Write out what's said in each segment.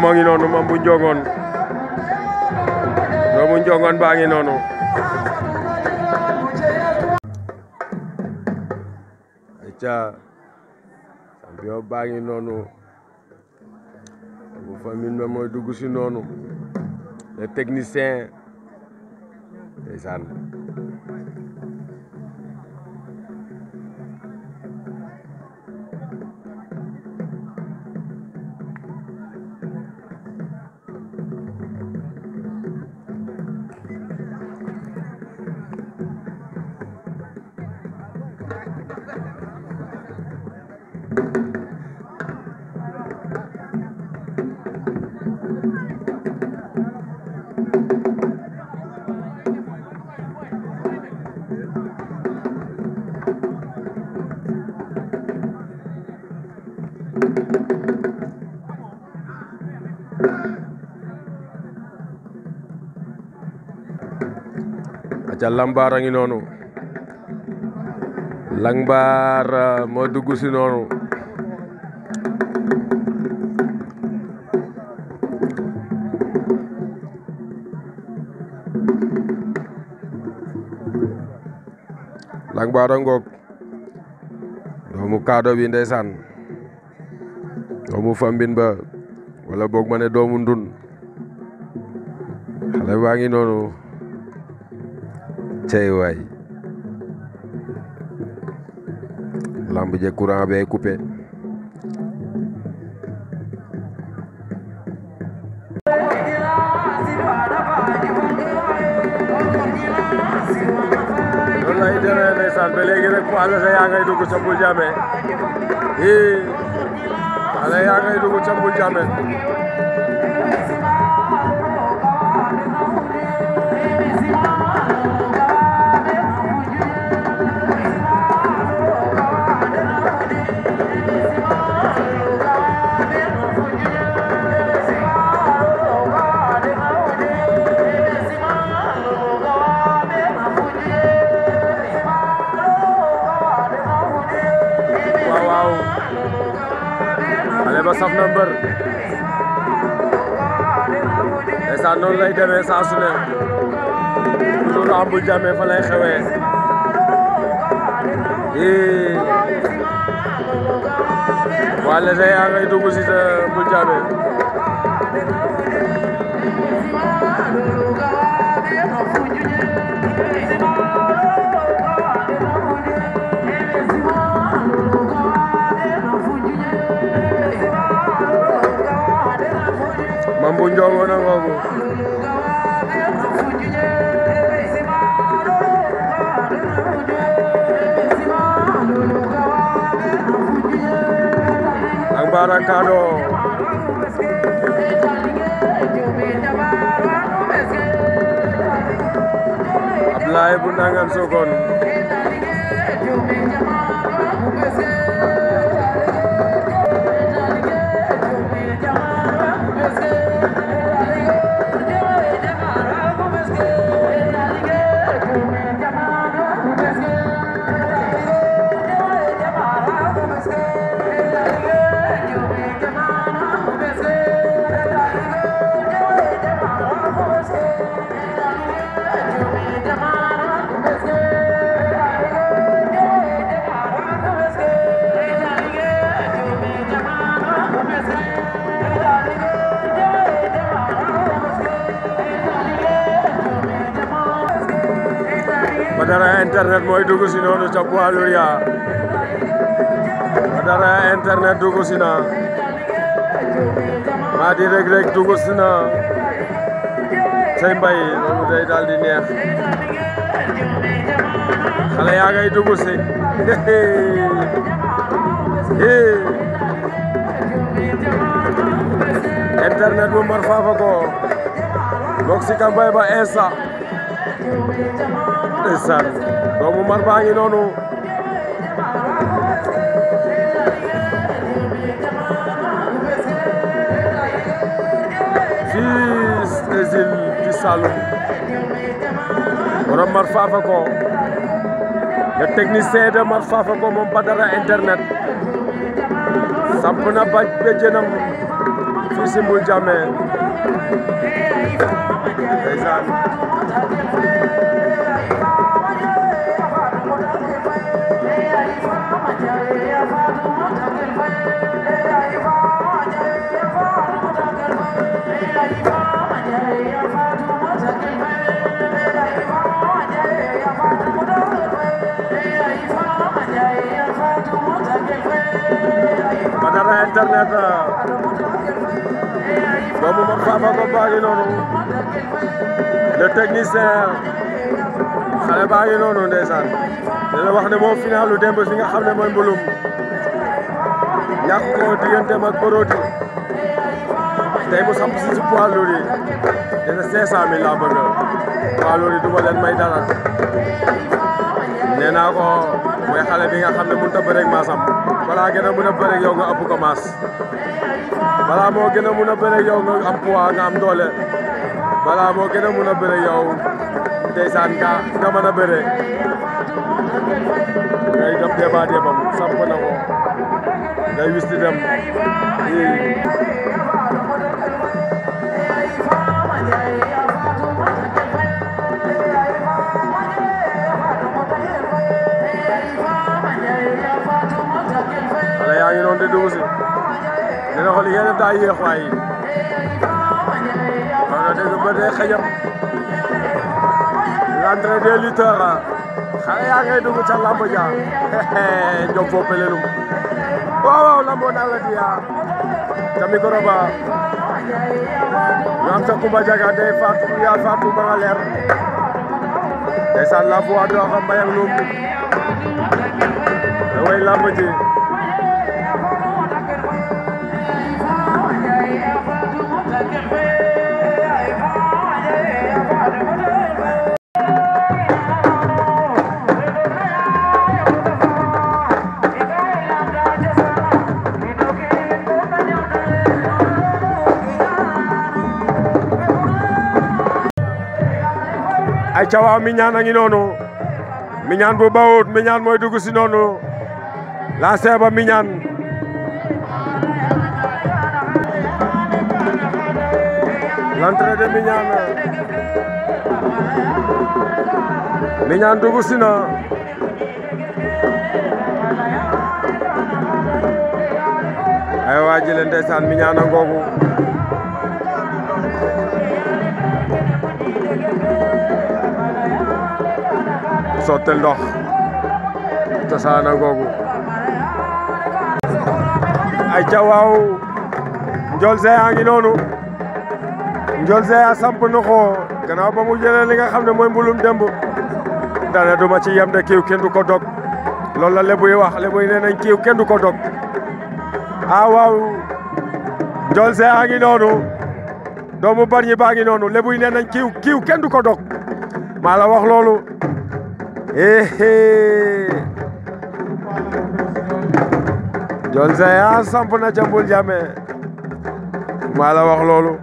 moom a ngi noonu moom bu njogoon doomu njogoon baa ngi noonu ca champion baa ngi noonu bu famille ba mooy dugg si noonu le technicien ndeysaan aca lambaar a noonu lambaar euh, moo dugg si noonu lambaar ngoog doomu kaado bi ndeysaan doomu fambin ba wala boog ma ne doomu xale baa ngi noonu cey waay lamb je courant bee coupé loolu lay demee ba léegi rek mu àll yaa ngay dugg sa bu jamee xale yaa ngay dugg ca Mbour Diamé ndeysaan noonu lay demee saa su ne lu lamb jàmmee fa lay xewee ii walla tey yaa ngay dugg si bu jàmmee mambu njongo na ngobu barakaɗo bu Ndangan Sokone padara internet moy dugu si nonu ca poids ya ba internet dugu si na ma di Reug Reug dugg si na say mbay nonu day dal di neex xale ya ngay dugg si internet bu mar faafa ko boxi kambay ba esa ndeysaan doomu mar baa ngi noonu fils des îles du Saloum borom mar faafa ko le technicien de mar faafa ko moom Badara internet samp na baj béjjënam fii si Mboul Diamé Madara enternya boobu Mor Fafa Ngom baa noonu le technicien xale baa ngi noonu ndeysaan dina wax ne moom finalu démb fi nga xam ne mooy mbulum ñàkk ko digganteem ak Borodi tey mu samp si si poids lourd yi dina 500000 laa may dara nee naa ko. mooy xale bi nga xam ne mënut a bëreeg maasam balaa gën a mën a yow nga ëpp ko maas balaa moo gën a mën nga am nga am doole balaa moo gën a mën a bëreeg yow nga nga mën a bëree ngay dem débat débat samp na ko ngay daa yéex waay wax nga dëgg ba day xëjam l'entrée des lutteurs ah. xale yaa ngay dugg ca lamb ja jom foo pelelum waaw naa la di yaa ah. ba maam sa kumba jaga day faatu yaa faatu ba nga leer ndeysaan la fo waa doo xam mbayang lum way lamb ji ay ca waaw Mignane a ngi noonu bu bawut Mignane mooy dugg si noonu lancé ba Mignane l'entrée de Mignane Mignane dugg ay waa jële ndeysaan Mignane a sottel ndox cosaana googu ay ca waaw Ndiol Géant ngi noonu Ndiol Géant samp na ko gannaaw ba mu jëlee li nga xam ne mooy mbulum demb dana duma ci yem de kiiw kenn du ko dog loolu la lebuy wax lebuy nee nañ kiiw kenn du ko dog ah waaw Ndiol Géant ngi noonu doomu barñi baa ngi noonu lebuy nee nañ kiiw kiiw kenn du ko dog maa la wax loolu Ndiol Géant ah, samp na ca Mbour maa la wax loolu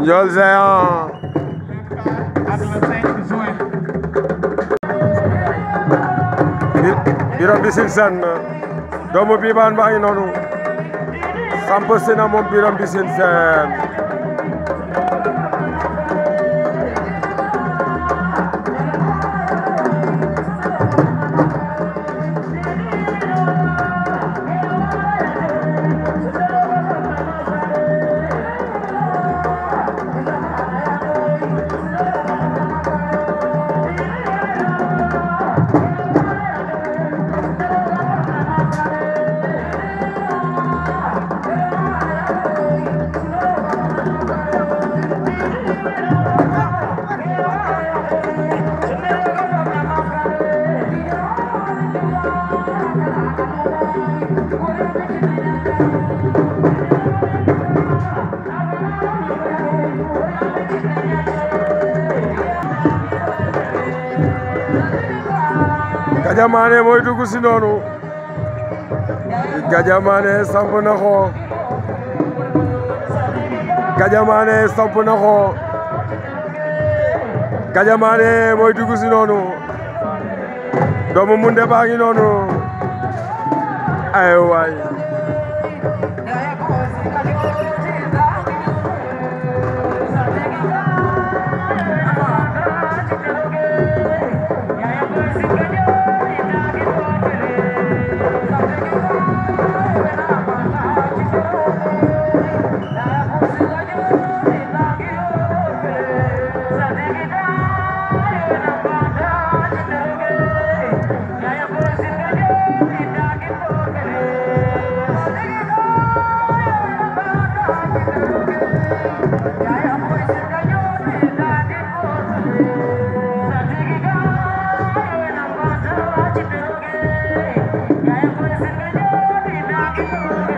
Ndiol ah. Géant biro bisin san ah. doomu biibaan baa ngi noonu samp si na moom Birame Gadia Mané mooy dugg si noonu Gadia Mané samp na ko Gadia Mané samp na ko Gadia Mané mooy dugg si noonu doomu Munde baa noonu ay waay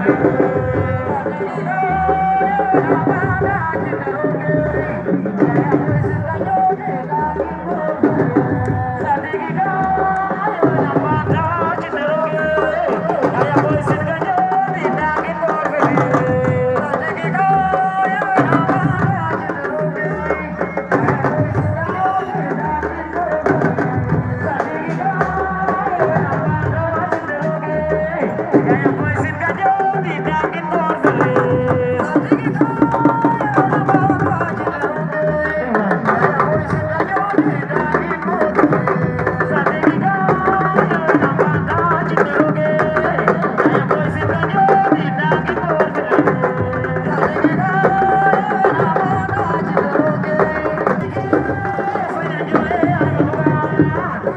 Thank you.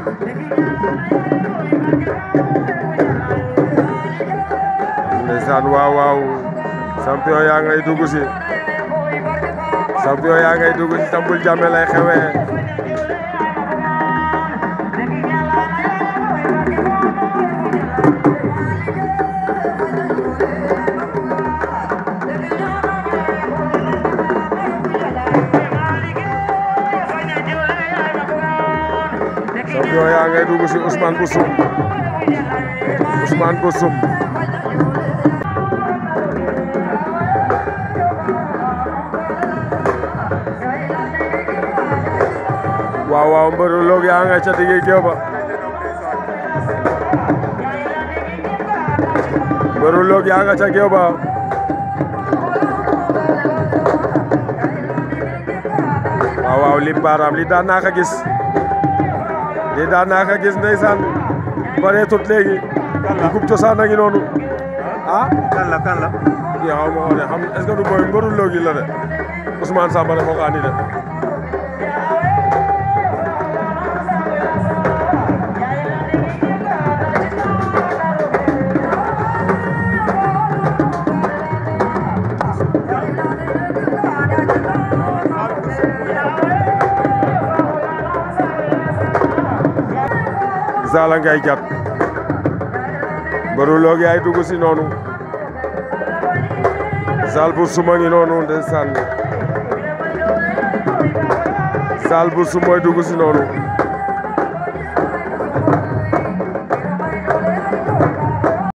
ndeysaan waaw waaw champion yaa ngay dugg si champion yaa ngay dugg si Tambul Jamme lay xewee champion ya ngay dugg si Ousmane Boussoum Ousmane Boussoum waaw waaw mbëru loog yaa ba mbëru loog yaa nga ca géew ba waaw waaw lim baaraam li lii naa ko gis ndeysaan bareetut léegi. kan la dugub cosaan a ngi noonu ah. kan la kan ma wax de xam est-ce que loogi la de Ousmane Samba dafa ko andi de. Saala ngay jàpp mbaru loogi ay dugg si noonu saal bu suma ngi noonu ndeysaan saal bu sumay si noonu